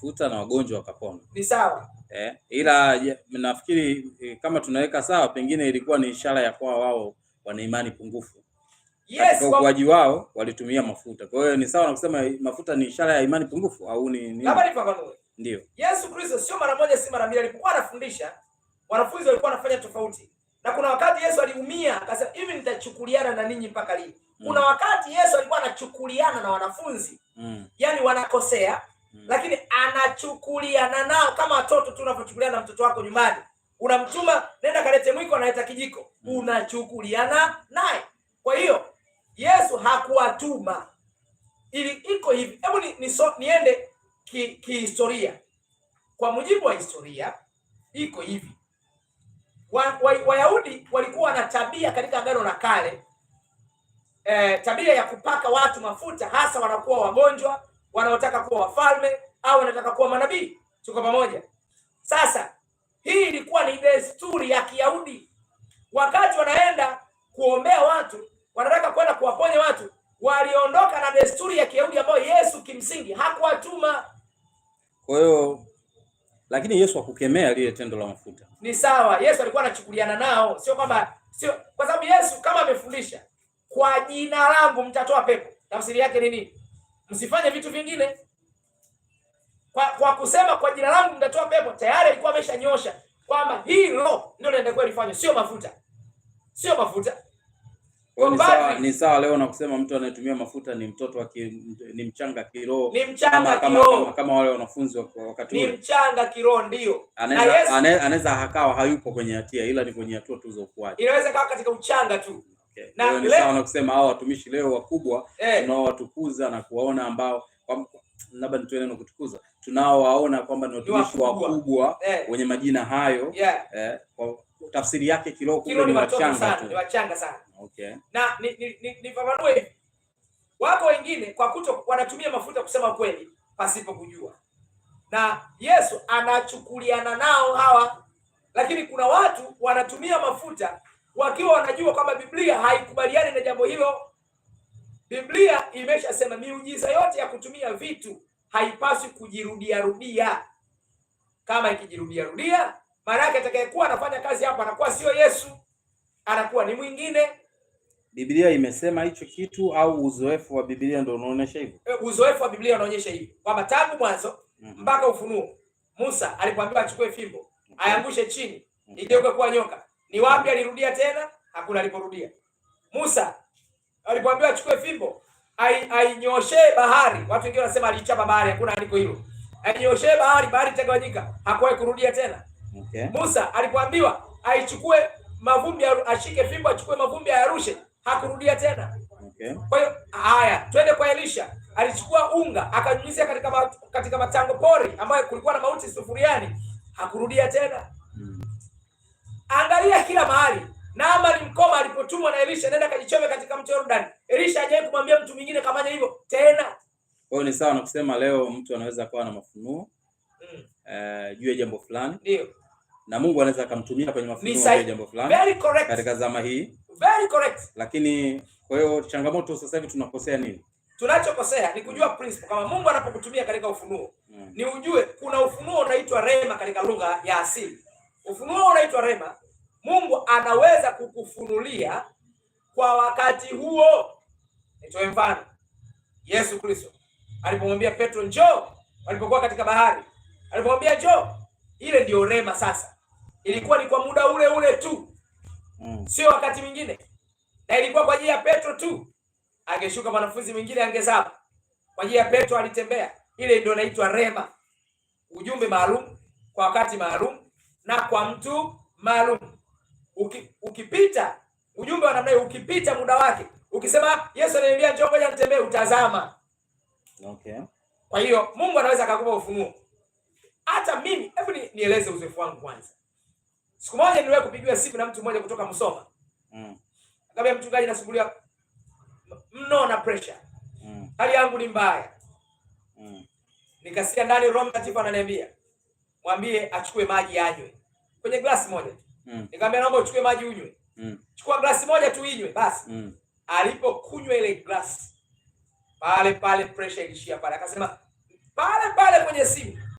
futa na wagonjwa wakapona, ni sawa eh, ila nafikiri eh, kama tunaweka sawa, pengine ilikuwa ni ishara ya kwa wao wana imani pungufu yes, katika ukuaji wao walitumia mafuta. Kwa hiyo ni sawa na kusema mafuta ni ishara ya imani pungufu au ni nini? Labda nifafanue. Ndio, Yesu Kristo sio mara moja, si mara mbili, alipokuwa anafundisha wanafunzi walikuwa wanafanya tofauti, na kuna wakati Yesu aliumia akasema hivi, nitachukuliana na ninyi mpaka lini? Mm. Kuna wakati Yesu alikuwa anachukuliana na wanafunzi mm. Yaani wanakosea Mm. Lakini anachukuliana nao kama watoto tu unavyochukuliana na mtoto wako nyumbani, unamtuma nenda kalete mwiko, analeta kijiko mm. Unachukuliana naye. Kwa hiyo Yesu hakuwatuma ili iko hivi. Hebu ni, ni so, niende kihistoria ki kwa mujibu wa historia iko hivi Wayahudi wa, wa walikuwa na tabia katika Agano la Kale eh, tabia ya kupaka watu mafuta hasa wanakuwa wagonjwa wanaotaka kuwa wafalme au wanataka kuwa manabii. Tuko pamoja? Sasa hii ilikuwa ni desturi ya Kiyahudi. Wakati wanaenda kuombea watu, wanataka kwenda kuwaponya watu, waliondoka na desturi ya Kiyahudi ambayo Yesu kimsingi hakuwatuma. Kwa hiyo lakini Yesu hakukemea lile tendo la mafuta. Ni sawa, Yesu alikuwa anachukuliana nao, sio kwamba sio kwa sababu Yesu kama amefundisha kwa jina langu mtatoa pepo, tafsiri yake ni nini? msifanye vitu vingine. Kwa, kwa kusema kwa jina langu mtatoa pepo, tayari alikuwa ameshanyosha kwamba hilo ndio linatakiwa lifanywe, sio mafuta, sio mafuta. Ni sawa leo na kusema mtu anayetumia mafuta ni mtoto wa ni mchanga kiroho, ni mchanga kiroho kama wale wanafunzi wakati ni mchanga kiroho, ndio anaweza akawa hayupo kwenye hatia, ila ni kwenye hatua tu za ukuaji, inaweza kawa katika uchanga tu na kusema hao watumishi leo wakubwa eh, tunaowatukuza na kuwaona ambao labda nitoe neno kutukuza, tunaowaona kwamba ni watumishi wakubwa eh, wenye majina hayo yeah. Eh, kwa tafsiri yake kiroho kumbe ni wachanga sana, ni wachanga sana okay. Na nifafanue ni, ni, wako wengine kwa kuto wanatumia mafuta kusema kweli pasipo kujua, na Yesu anachukuliana nao hawa, lakini kuna watu wanatumia mafuta wakiwa wanajua kwamba Biblia haikubaliani na jambo hilo. Biblia imeshasema miujiza yote ya kutumia vitu haipaswi kujirudia rudia. Kama ikijirudia rudia, maana yake atakayekuwa anafanya kazi hapa anakuwa sio Yesu, anakuwa ni mwingine. Biblia imesema hicho kitu, au uzoefu wa Biblia ndio unaonyesha hivyo? Eh, uzoefu wa Biblia unaonyesha hivyo kwamba tangu mwanzo mm -hmm. mpaka Ufunuo, Musa alipoambiwa achukue fimbo, okay. Mhm. ayangushe chini, okay. Mhm. igeuke kuwa nyoka ni wapi alirudia tena? Hakuna aliporudia. Musa alipoambiwa achukue fimbo ainyoshe bahari, watu wengine wanasema alichapa bahari, hakuna andiko hilo. Ainyoshe bahari, bahari itagawanyika, hakuwahi kurudia tena. Okay. Musa alipoambiwa aichukue mavumbi, ashike fimbo, achukue mavumbi ayarushe, hakurudia tena. Okay. Kwa hiyo haya, twende kwa Elisha. Alichukua unga akanyunyizia katika, katika matango pori ambayo kulikuwa na mauti sufuriani, hakurudia tena. Angalia kila mahali. Naamani mkoma alipotumwa na Elisha, nenda kajichome katika mto Yordani. Elisha hajawahi kumwambia mtu mwingine kafanya hivyo tena. Kwa ni sawa na kusema leo mtu anaweza kuwa na mafunuo mm. uh, juu ya jambo fulani ndio, na Mungu anaweza akamtumia kwenye mafunuo ya jambo fulani very correct katika zama hii. Very correct. Lakini kwa hiyo changamoto sasa hivi tunakosea nini? Tunachokosea ni kujua principle kama Mungu anapokutumia katika ufunuo mm. ni ujue kuna ufunuo unaitwa rema katika lugha ya asili Ufunuo unaitwa rema. Mungu anaweza kukufunulia kwa wakati huo. Nitoe mfano, Yesu Kristo alipomwambia Petro njoo, walipokuwa katika bahari, alipomwambia njoo, ile ndiyo rema. Sasa ilikuwa ni kwa muda ule ule tu mm, sio wakati mwingine, na ilikuwa kwa ajili ya Petro tu. Angeshuka mwanafunzi mwingine angezama. Kwa ajili ya Petro alitembea. Ile ndio inaitwa rema, ujumbe maalum kwa wakati maalum na kwa mtu maalum. Uki, ukipita ujumbe wa namna hiyo, ukipita muda wake, ukisema Yesu ananiambia njoo, ngoja nitembee, utazama. Okay. Kwa hiyo Mungu anaweza akakupa ufunuo. Hata mimi hebu ni, nieleze uzoefu wangu kwanza. Siku moja niliwahi kupigiwa simu na mtu mmoja kutoka Musoma. Mm. Kabla mchungaji, nasumbuliwa mno na pressure. Mm. Hali yangu ni mbaya. Mm. Nikasikia ndani Roho Mtakatifu ananiambia, mwambie achukue maji anywe kwenye glasi moja tu mm. Nikamwambia naomba uchukue maji unywe mm. Chukua glasi moja tu inywe basi mm. Alipokunywa ile glasi pale pale pressure ilishia pale, akasema pale pale kwenye simu